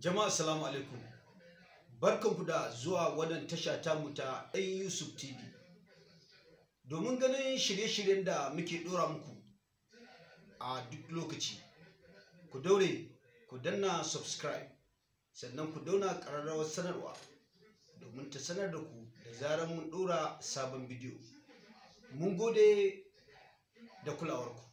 Jama'a salamu alaikum. Barkanku da zuwa wannan tasha mu ta ɗan Yusuf TV. Domin ganin shirye-shiryen da muke ɗora muku a duk lokaci, ku daure ku danna subscribe sannan ku dauna ƙararrawar sanarwa domin ta sanar da ku da zaran mun ɗora sabon bidiyo. Mun gode da kulawarku.